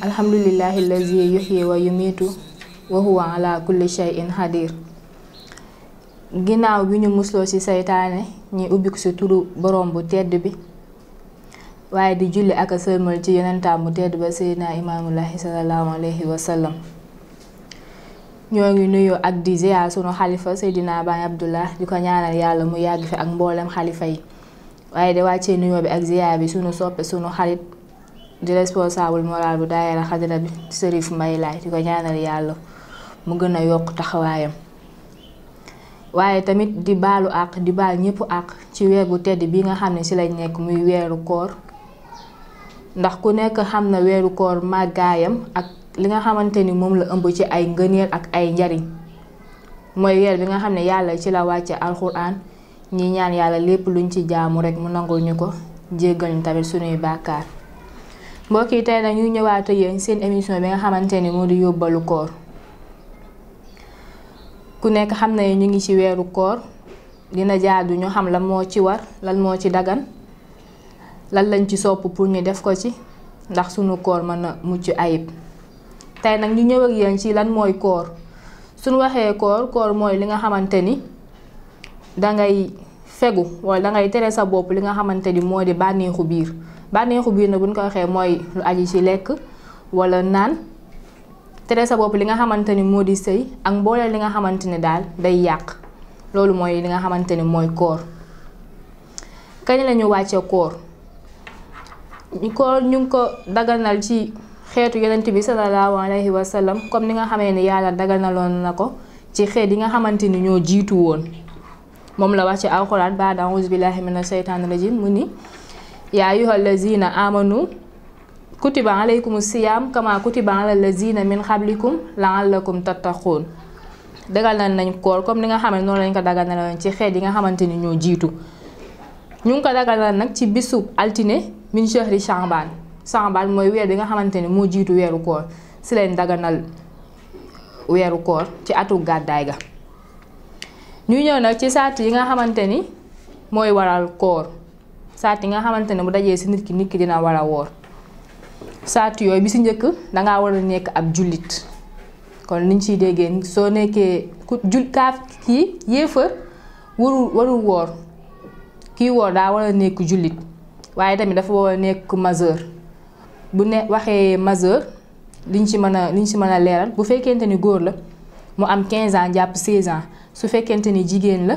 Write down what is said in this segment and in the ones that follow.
alhamdulillahi allazi yuhyi wa yumiitu wa huwa ala kulli shay'in xadir ginnaaw bi ñu musloo ci seytaane ñi ubbi ko ci turu borom bu tedd bi waaye di julli aka a ci yonentaam bu tedd ba seydina imaamullahi sallallahu alayhi wa ñoo ngi nuyoo ak di ziyaar sunu xalifa seydina baay abdullah di ko ñaanal yàlla mu yàgg fi ak mboolem xalifa yi waaye di wàccee nuyoo bi ak ziyaar bi sunu soppe sunu xarit di responsable moral bu daayira xadra bi Serif mbay Laay di ko ñaanal yàlla mu gën a yokk taxawaayam waaye tamit di baalu àq di baal ñëpp àq ci weer bu tedd bi nga xam ne ci lay nekk muy weeru koor ndax ku nekk xam na weeru koor màggaayam ak li nga xamante ni moom la ëmb ci ay ngëneel ak ay njariñ mooy weer bi nga xam ne yàlla ci la wàcce alxuraan ñi ñaan yàlla lépp luñ ci jaamu rekk mu nangul ñu ko jéggal ñu tamit suñuy bàkkaar mbokk yi tey nag ñu ñëwaata yéen seen émission bi nga xamante ni moo di yóbbalu koor ku nekk xam na ñu ngi ci weeru koor dina jaadu ñu xam lan moo ci war lan moo ci dagan lan lañ ci sopp pour ñu def ko ci ndax sunu koor mën a mucc ayib tey nag ñu ñëw ak yéen ci lan mooy koor suñu waxee koor koor mooy li nga xamante ni da ngay fegu wala da ngay tere sa bopp li nga xamante ni moo di bànneexu biir bànneexu biir na bu ñu ko waxee mooy lu aji ci lekk walla naan tere sa bopp li nga xamante ni moo di sëy ak mbooleel li nga xamante ni daal day yàq loolu mooy li nga xamante ni mooy koor kañ la ñu wàcce koor ñu koor ñu ngi ko daganal ci xeetu yonent bi salallaahu alayhi wa sallam comme ni nga xamee ni yàlla daganaloon na ko ci xeet yi nga xamante ni ñoo jiitu woon moom la wax ci alxuraan baad auzu billaahi mina seytaani rajiim mu ni yaa ayyuhal lazina amanu kutiba alaykum siyaam kama kutiba alal lazina min xablikum laallakum tattaquun dagal nañ nañ koor comme ni nga xam ne noonu lañ ko dagal ci xeet yi nga xamante ni ñoo jiitu ñu ngi ko dagal nag ci bisub altine min shahri shambaan shambaan mooy weer bi nga xamante ni moo jiitu weeru koor si leen daganal weeru koor ci atu gàddaay ga ñu ñëw nag ci saat yi nga xamante ni mooy waral koor saat yi nga xamante ne bu dajee si nit ki nit ki dina war a woor saat yooyu bi ci njëkk dangaa war a nekk ab jullit kon liñ ci déggee soo nekkee ku jul kaaf kii yéefar warul warul woor kii woor daa war a nekk jullit waaye tamit dafa war a nekk maseur bu ne waxee maseur liñ ci mën a liñ ci mën a leeral bu fekkente ni góor la mu am 15 ans jàpp 16 ans su fekkente ni jigéen la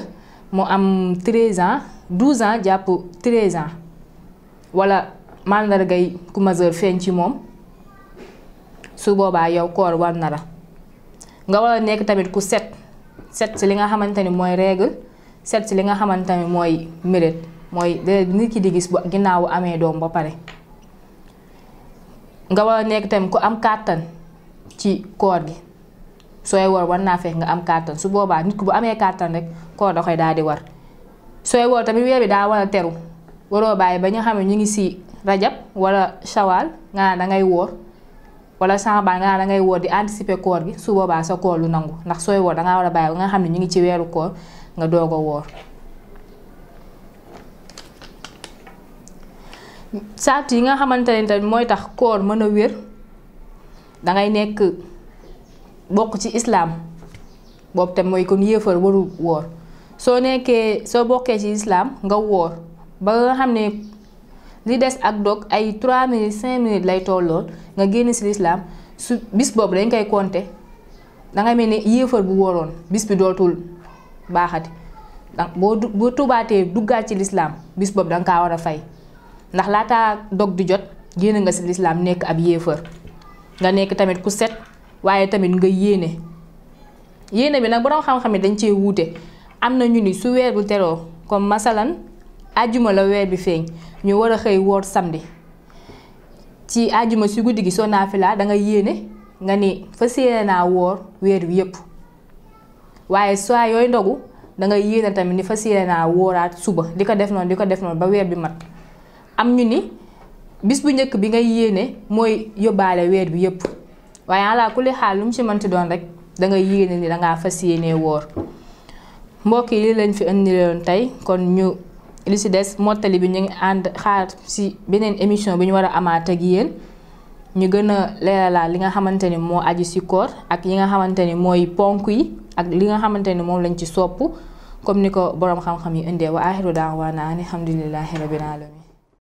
mu am 13 ans. 12 ans jàpp 13 ans wala gay ku majeur feeñ ci moom su boobaa yow koor war na la nga war a nekk tamit ku set set si li nga xamante ni mooy règle set si li nga xamante ni mooy mérite mooy nit ki di gis bu ginnaaw amee doom ba pare nga war a nekk tamit ku am kàttan ci koor gi sooy war war naa fekk nga am kàttan su boobaa nit ku bu amee kàttan rek koor da koy daal di war sooy woor tamit weer bi daa war a teru waroo bàyyi ba ñu xam ne ñu ngi ci rajab walla shawal nga naan da ngay woor wala sambaan nga naan da ngay woor di anticiper koor gi su boobaa sa koor lu nangu ndax sooy woor da war a bàyyi ba nga xam ne ñu ngi ci weeru koor nga doog a woor. sart yi nga xamante ne tamit mooy tax koor mën a wér dangay nekk bokk ci islaam boobu tam mooy kon yéefar warul woor. soo nekkee soo bokkee ci islam nga woor ba nga xam ne li des ak dog ay 3 minutes 5 minutes lay tollool nga génn ci lislaam su bis boobu dañ koy compter danga mel ni yéefar bu wóoroon bis bi dootul baaxati ndax boo boo tubaatee duggaat ci lislaam bis boobu danga kaa war a fay ndax laata dog di jot génn nga ci lislaam nekk ab yéefar nga nekk tamit ku set waaye tamit nga yéene yéene bi nag borom xam-xam yi dañ cee wuute. am na ñu ni su weer bu teroo comme masalan àjjuma la weer bi feeñ ñu war a xëy woor samedi ci àjjuma si guddi gi soo naafila da nga yéene nga ni fas yéene naa woor weer yépp waaye saa yooyu ndogu da nga tamit ni fas yéene naa wooraat suba di ko def noonu di ko def noonu ba weer bi mat am ñu ni bis bu njëkk bi ngay yéene mooy yóbbaale weer bi yépp waaye alaa kulli xaal lu mu ci mënti doon rek dangay nga yéene ni dangaa fas yéene woor mbokk yi li lañ fi indiloon tey kon ñu li si des mottali bi ñu ngi ànd xaar si beneen émission bi ñu war a amaat ak yéen ñu gën a leeralaat li nga xamante ni moo aju si ak yi nga xamante ni mooy ponk yi ak li nga xamante ni moom lañ ci sopp comme ni ko boroom xam-xam yi indee wa aaxiru naa ani alhamdulillahi rabbil alamin